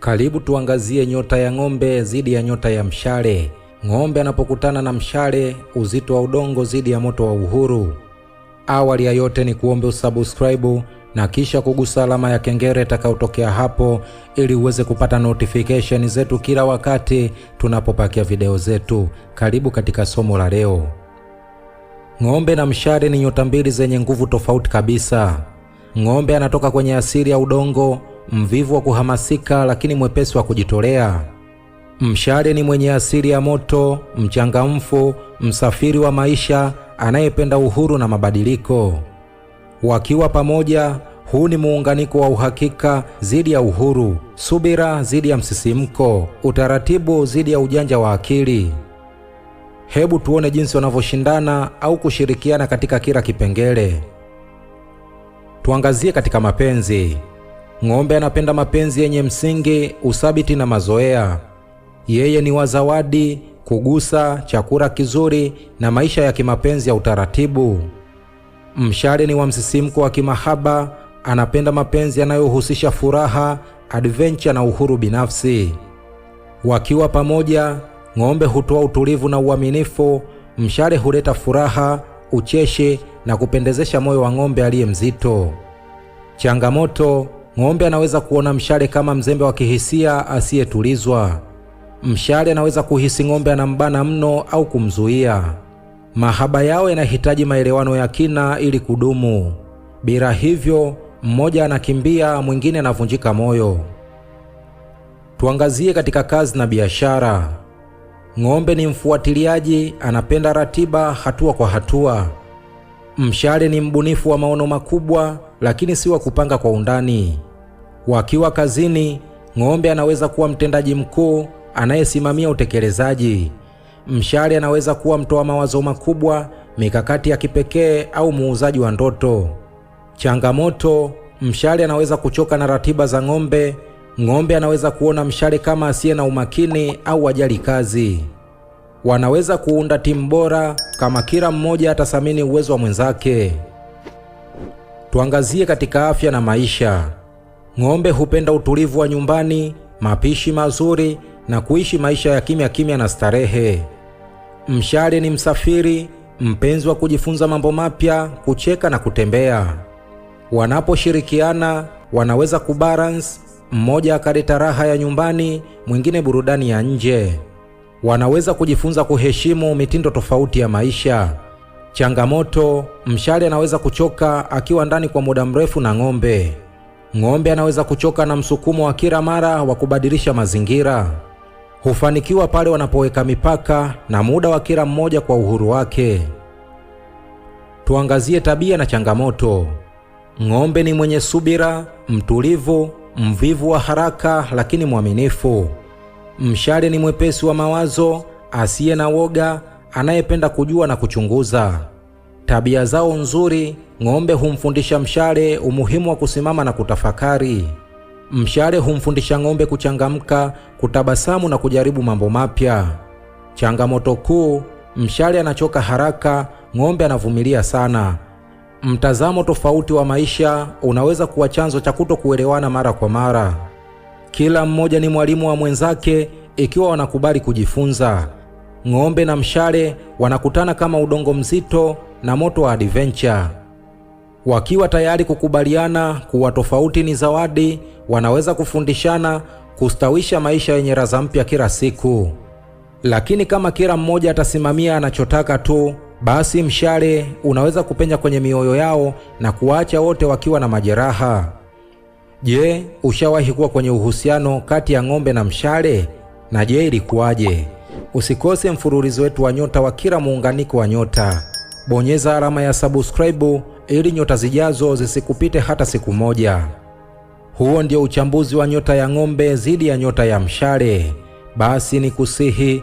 Karibu tuangazie nyota ya ng'ombe zidi ya nyota ya mshale. Ng'ombe anapokutana na mshale, uzito wa udongo zidi ya moto wa uhuru. Awali ya yote ni kuombe usubscribe na kisha kugusa alama ya kengele itakayotokea hapo, ili uweze kupata notification zetu kila wakati tunapopakia video zetu. Karibu katika somo la leo. Ng'ombe na mshale ni nyota mbili zenye nguvu tofauti kabisa. Ng'ombe anatoka kwenye asili ya udongo mvivu wa kuhamasika, lakini mwepesi wa kujitolea. Mshale ni mwenye asili ya moto, mchangamfu, msafiri wa maisha, anayependa uhuru na mabadiliko. Wakiwa pamoja, huu ni muunganiko wa uhakika zidi ya uhuru, subira zidi ya msisimko, utaratibu zidi ya ujanja wa akili. Hebu tuone jinsi wanavyoshindana au kushirikiana katika kila kipengele. Tuangazie katika mapenzi. Ng'ombe anapenda mapenzi yenye msingi, uthabiti na mazoea. Yeye ni wazawadi, kugusa, chakula kizuri na maisha ya kimapenzi ya utaratibu. Mshale ni wa msisimko wa kimahaba, anapenda mapenzi yanayohusisha furaha, adventure na uhuru binafsi. Wakiwa pamoja, ng'ombe hutoa utulivu na uaminifu, mshale huleta furaha, ucheshi na kupendezesha moyo wa ng'ombe aliye mzito. Changamoto Ng'ombe anaweza kuona mshale kama mzembe wa kihisia asiyetulizwa. Mshale anaweza kuhisi ng'ombe anambana mno au kumzuia. Mahaba yao yanahitaji maelewano ya kina ili kudumu. Bila hivyo, mmoja anakimbia, mwingine anavunjika moyo. Tuangazie katika kazi na biashara. Ng'ombe ni mfuatiliaji, anapenda ratiba, hatua kwa hatua. Mshale ni mbunifu wa maono makubwa, lakini si wa kupanga kwa undani. Wakiwa kazini, ng'ombe anaweza kuwa mtendaji mkuu anayesimamia utekelezaji. Mshale anaweza kuwa mtoa mawazo makubwa, mikakati ya kipekee au muuzaji wa ndoto. Changamoto: mshale anaweza kuchoka na ratiba za ng'ombe. Ng'ombe anaweza kuona mshale kama asiye na umakini au wajali kazi wanaweza kuunda timu bora kama kila mmoja atathamini uwezo wa mwenzake. Tuangazie katika afya na maisha. Ng'ombe hupenda utulivu wa nyumbani, mapishi mazuri na kuishi maisha ya kimya kimya na starehe. Mshale ni msafiri, mpenzi wa kujifunza mambo mapya, kucheka na kutembea. Wanaposhirikiana wanaweza kubalance, mmoja akaleta raha ya nyumbani, mwingine burudani ya nje wanaweza kujifunza kuheshimu mitindo tofauti ya maisha. Changamoto: mshale anaweza kuchoka akiwa ndani kwa muda mrefu na ng'ombe. Ng'ombe anaweza kuchoka na msukumo wa kila mara wa kubadilisha mazingira. Hufanikiwa pale wanapoweka mipaka na muda wa kila mmoja kwa uhuru wake. Tuangazie tabia na changamoto. Ng'ombe ni mwenye subira, mtulivu, mvivu wa haraka, lakini mwaminifu. Mshale ni mwepesi wa mawazo, asiye na woga, anayependa kujua na kuchunguza. Tabia zao nzuri, ng'ombe humfundisha mshale umuhimu wa kusimama na kutafakari. Mshale humfundisha ng'ombe kuchangamka, kutabasamu na kujaribu mambo mapya. Changamoto kuu, mshale anachoka haraka, ng'ombe anavumilia sana. Mtazamo tofauti wa maisha unaweza kuwa chanzo cha kutokuelewana mara kwa mara. Kila mmoja ni mwalimu wa mwenzake ikiwa wanakubali kujifunza. Ng'ombe na mshale wanakutana kama udongo mzito na moto wa adventure. Wakiwa tayari kukubaliana kuwa tofauti ni zawadi, wanaweza kufundishana kustawisha maisha yenye raza mpya kila siku. Lakini kama kila mmoja atasimamia anachotaka tu, basi mshale unaweza kupenya kwenye mioyo yao na kuwaacha wote wakiwa na majeraha. Je, ushawahi kuwa kwenye uhusiano kati ya ng'ombe na mshale? Na je, ilikuwaje? Usikose mfululizo wetu wa nyota wa kila muunganiko wa nyota. Bonyeza alama ya subscribe ili nyota zijazo zisikupite hata siku moja. Huo ndio uchambuzi wa nyota ya ng'ombe dhidi ya nyota ya mshale. Basi nikusihi